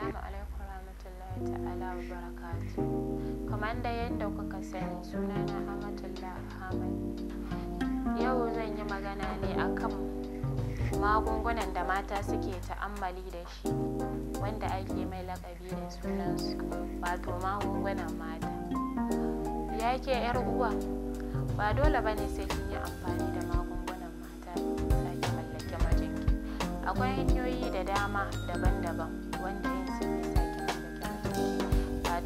Assalamu alaikum warahmatullahi ta'ala wa barakatu. Kamar da yadda kuka sani na Amatullah Ahmad. Yau zan yi magana ne akan magungunan da mata suke ta'ammali da shi wanda ake mai lakabi da sunansu wato magungunan mata. Ya ke yar uwa ba dole ne sai kin yi amfani da magungunan mata da mallake majinki. Akwai hanyoyi da dama daban-daban wanda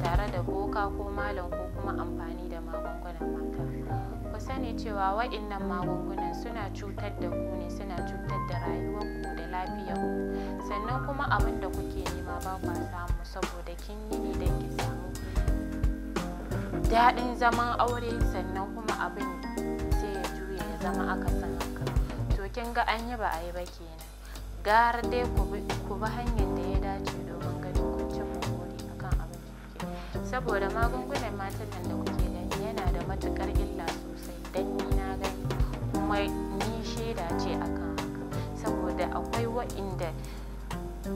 tare da boka ko malam ko kuma amfani da magungunan mata ku sani cewa waɗannan magungunan suna cutar da ku ne suna cutar da rayuwar ku da lafiyar ku sannan kuma abin da kuke nema ba kwa samu saboda kin yi ne don ki samu daɗin zaman aure sannan kuma abin sai ya juya ya zama akasin haka to kin ga an yi ba a yi ba kenan gara dai ku bi hanyar da saboda magungunan matan nan da kuke gani yana da matukar illa sosai dan ni na gani kuma ni shaida ce akan haka saboda akwai wa'inda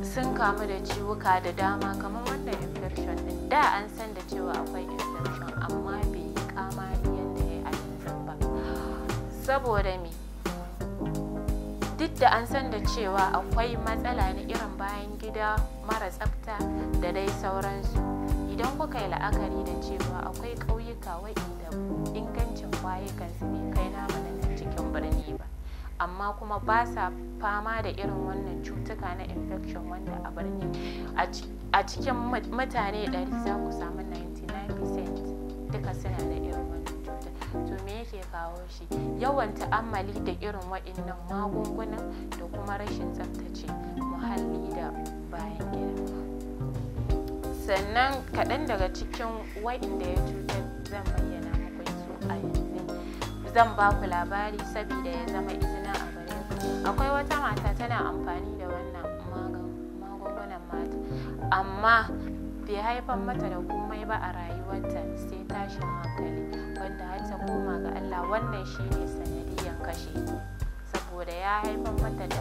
sun kamu da ciwuka da dama kamar wannan infection din da an san da cewa akwai infection amma bai yi kamari yadda ya yi a ba saboda me duk da an san da cewa akwai matsala na irin bayan gida mara tsafta da dai sauransu idan kuka yi la'akari da cewa akwai ƙauyuka waɗanda ingancin su bai kai namu na cikin birni ba amma kuma ba sa fama da irin wannan cutuka na infection wanda a birni a cikin mutane 100 za ku samu 99% duka suna da irin wannan cutar to me yake kawo shi yawan ta'ammali da irin waɗannan magungunan da kuma rashin tsaftace muhalli da bayan gida sannan kaɗan daga cikin waɗanda ya cutar zan bayyana muku su a yanzu zan ba ku labari saboda ya zama izina a gare akwai wata mata tana amfani da wannan magungunan mata amma bai haifar mata da komai ba a rayuwarta sai tashin hankali wanda har ta koma ga Allah wannan shine sanadiyan kashe saboda ya haifar mata da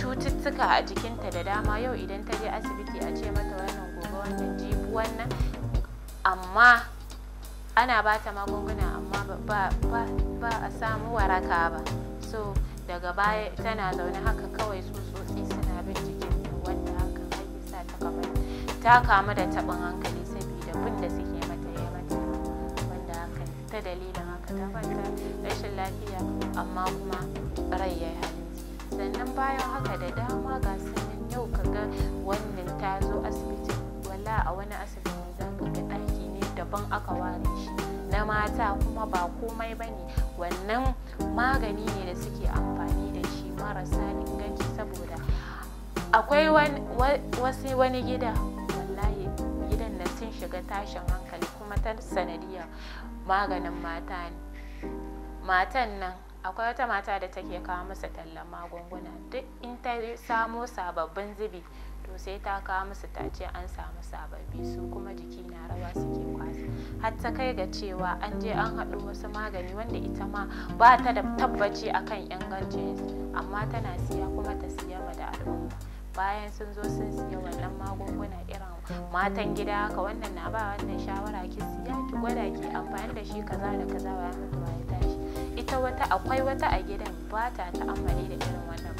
cututtuka a jikinta da dama yau idan ta je asibiti wannan amma ana ba ta magunguna amma ba a samu waraka ba so daga baya tana zaune haka kawai tsutsotsi suna bin jikin wanda haka sa ta kamar ta kamu da taɓin hankali saboda bin da suke mata ya mata wanda haka ta dalilin haka ta fata rashin lafiya amma kuma rai ya hali sannan bayan haka da dama ga sanin yau kaga wannan ta zo asibiti da a wani asibiti zan ga ɗaki ne daban aka ware shi na mata kuma ba komai ba ne wannan magani ne da suke amfani da shi marasa inganci saboda akwai wasu wani gida wallahi gidan na sun shiga tashin hankali kuma ta sanadiyar maganin mata ne matan nan akwai wata mata da take kawo masa tallan magunguna duk in ta samo sababbin zubi to sai ta kawo musu ta ce an samu sababbi su kuma jiki na rawa suke kwasa har ta kai ga cewa an je an haɗu wasu magani wanda ita ma ba ta da tabbaci akan ingancin amma tana siya kuma ta siya ma da al'umma bayan sun zo sun siya wannan magunguna irin matan gida haka wannan na ba wannan shawara ki siya ki gwada ki amfani da shi kaza da kaza bayan mutuwa ya tashi ita wata akwai wata a gidan ba ta ta amfani da irin wannan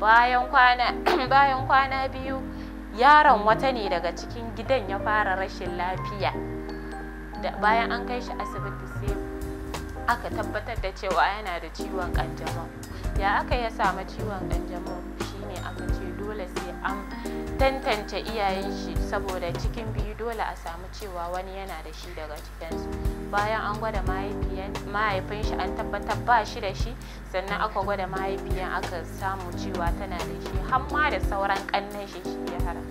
bayan kwana bayan kwana biyu yaron wata ne daga cikin gidan ya fara rashin lafiya da bayan an kai shi asibiti sai aka tabbatar da cewa yana da ciwon kanjamau ya aka ya samu ciwon kanjamau shine aka ce dole sai an tantance iyayen shi saboda cikin biyu dole a samu cewa wani yana da shi daga cikinsu bayan an gwada mahaifin shi an tabbatar ba shi da shi sannan aka gwada mahaifiyan aka samu cewa tana da shi hamma da sauran kannan shi shi ya hara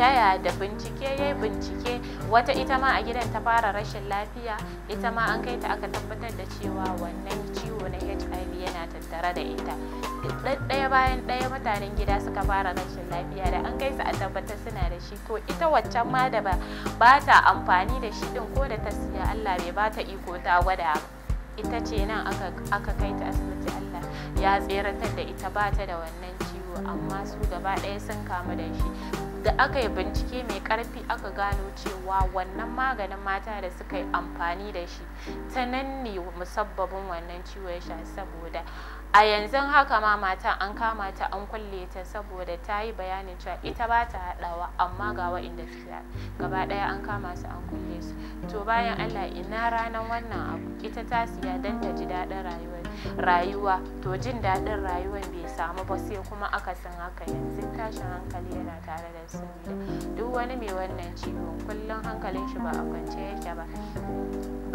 taya da bincike ya bincike wata ita ma a gidan ta fara rashin lafiya ita ma an kai ta aka tabbatar da cewa wannan ciwo na hiv yana tattare da ita ɗaya bayan ɗaya mutanen gida suka fara rashin lafiya da an kai su a tabbatar suna da shi ko ita waccan ma da ba ta amfani da shi ɗin ko da ta siya allah bai ba ta iko ta gwada ita ce nan aka kai ta asibiti allah ya tseratar da ita ba ta da wannan ciwo amma su gaba ɗaya sun kamu da shi da aka yi bincike mai karfi aka gano cewa wannan maganin mata da suka yi amfani da shi ta nan ne musabbabin wannan ciwon ya sha saboda a yanzu haka ma mata an kama ta an kulle ta saboda ta yi bayanin cewa ita ba ta haɗawa amma ga wa'inda fiya gaba ɗaya an kama su an kulle su to bayan allah ina ranar wannan abu ita ta siya don ta ji daɗin rayuwa to jin daɗin rayuwan bai samu ba sai kuma aka san haka yanzu tashin hankali yana tare da su wani mai wannan ciwon kullum hankalin shi ba a kwance yake ba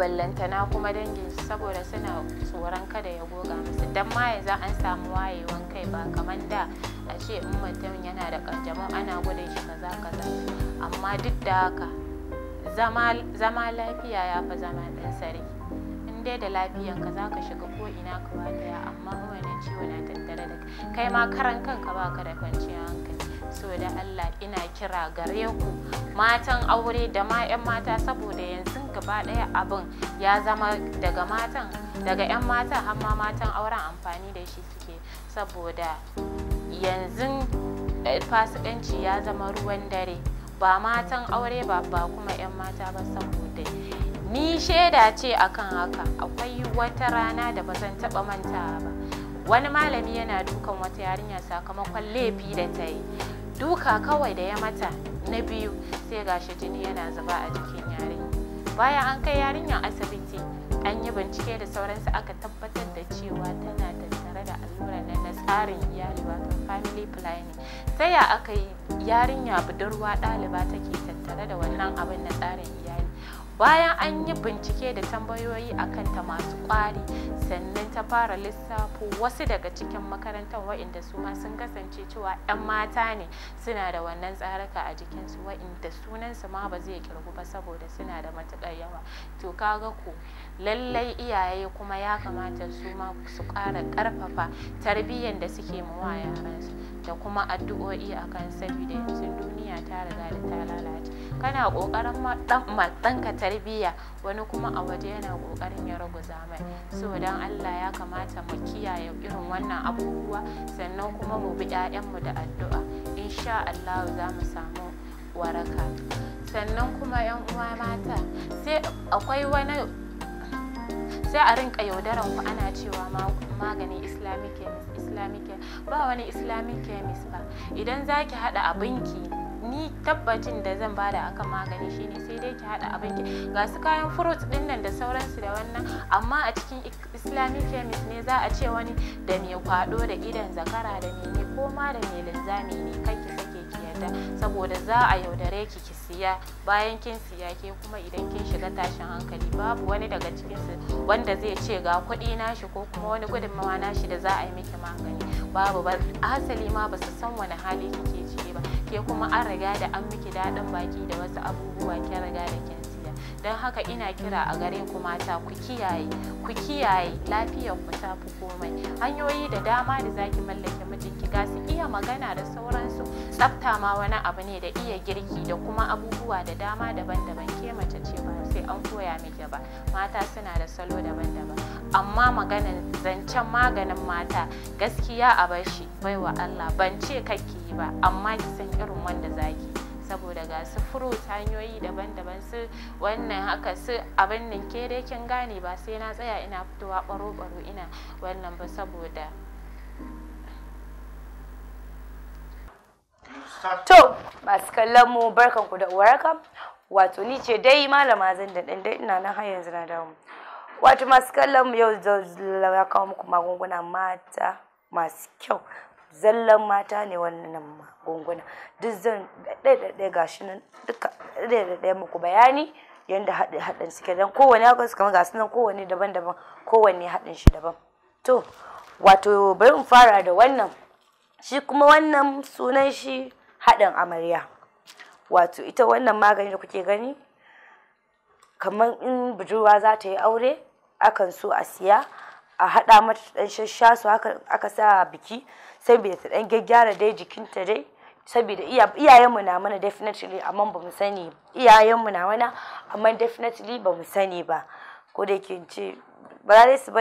ballantana kuma dangin saboda suna tsoron kada ya goga musu don ma yanzu an samu wayewan kai ba kamar da a ce in mutum yana da ƙanjamu ana gudun shi ka kaza amma duk da haka zama lafiya ya fi zama ɗan sare in dai da lafiyan ka za ka shiga ko ina ka wata amma wannan ciwo na tattare da kai ma karan kanka ba ka da kwanciyar hankali so da Allah ina kira gare ku matan aure da ma 'yan mata saboda yanzu gaba ɗaya abin ya zama daga matan daga 'yan mata har ma matan auren amfani da shi suke saboda yanzu eh, fasikanci ya zama ruwan dare ba matan aure ba ba kuma 'yan mata ba saboda ni shaida ce akan haka akwai wata rana da ba zan taɓa mantawa ba wani malami yana dukan wata yarinya sakamakon laifi da ta yi duka kawai da ya mata na biyu sai gashi jini yana zuba a jikin yarinya bayan an kai yarinyar asibiti an yi bincike da sauransu aka tabbatar da cewa tana tattare da allura na tsarin iyali wato family planning sai ya aka yi yarinya budurwa ɗaliba take tattare da wannan abin na tsarin iyali bayan an yi bincike da tambayoyi a kanta masu kwari sannan ta fara lissafo wasu daga cikin makarantar wa'inda su ma sun kasance cewa 'yan mata ne suna da wannan tsaraka a jikinsu wa'inda sunansu ma ba zai kirgu ba saboda suna da matukar yawa to kaga ku lallai iyaye kuma ya kamata su ma su ƙara ƙarfafa tarbiyyar da suke mawa yaransu da kuma addu'o'i akan sabida yanzu duniya ta riga da ta lalace kana kokarin ɗanka tarbiyya wani kuma a waje yana kokarin ya ruguza zamani so don allah ya kamata mu kiyaye irin wannan abubuwa sannan kuma mu bi 'ya'yanmu da addu'a insha allah za mu samu waraka sannan kuma 'yan uwa mata sai akwai wani sai a rinka yaudarar ku ana cewa maganin islamic chemist ba wani islamic chemist ba idan zaki hada abinki ni tabbacin da zan bada akan magani shine sai dai ki hada abin ki ga su kayan fruit din nan da sauransu da wannan amma a cikin islamic chemist ne za a ce wani da mai kwado da idan zakara da ne ko ma da mai linzami ne ki sake ki yarda saboda za a yaudare ki ki siya bayan kin siya ke kuma idan kin shiga tashin hankali babu wani daga cikinsu wanda zai ce ga kuɗi nashi ko kuma wani gudunmawa nashi da za a yi miki magani babu ba asali ma ba su san wani hali kike ke kuma an riga da an miki daɗin baki da wasu abubuwa kin riga da kin siya don haka ina kira a gare ku mata ku kiyaye ku kiyaye lafiyar ku ta fi komai hanyoyi da dama da zaki mallake mijinki ga su iya magana da sauransu tsafta ma wani abu ne da iya girki da kuma abubuwa da dama daban-daban ke mace ce ba ce an koya miki ba mata suna da salo daban-daban amma maganin zancen maganin mata gaskiya a bar shi wa Allah ban ce kake yi ba amma ki san irin wanda zaki saboda ga su furo hanyoyi daban-daban su wannan haka su abin nan ke dai kin gane ba sai na tsaya ina fitowa baro-baro ina wannan ba saboda To, masu kallon mu barkanku da waraka. wato ni ce dai malama zan da dan ina nan har yanzu na dawo wato masu kallon mu yau ya kawo muku magunguna mata masu kyau zallan mata ne wannan magunguna duk zan ɗaya shi nan duka ɗaya muku bayani yadda haɗin suke don kowane akwai su kama gasu nan kowane daban-daban kowane haɗin shi daban to wato bari in fara da wannan shi kuma wannan sunan shi haɗin amarya wato ita wannan magani da kuke gani kamar in budurwa za ta yi aure akan so a siya a haɗa mata ɗan shasha su aka sa biki saboda ta ɗan gyaggyara dai jikinta dai saboda iyayenmu na mana definitely amma ba mu sani iyayenmu na mana amma definitely ba mu sani ba ko da ke ce ba za su